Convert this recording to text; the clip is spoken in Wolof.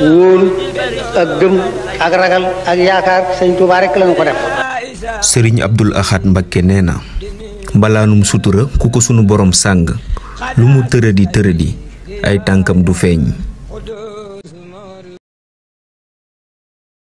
wóolu ak gëm ak ragal ak yaakaar sëñ Tuubaa rekk lañu ko def sëriñ Abdul Ahad Mbakke nee na mbalaanum sutura ku ko sunu boroom sàng lu mu tëradi tëradi ay tànkam du feeñ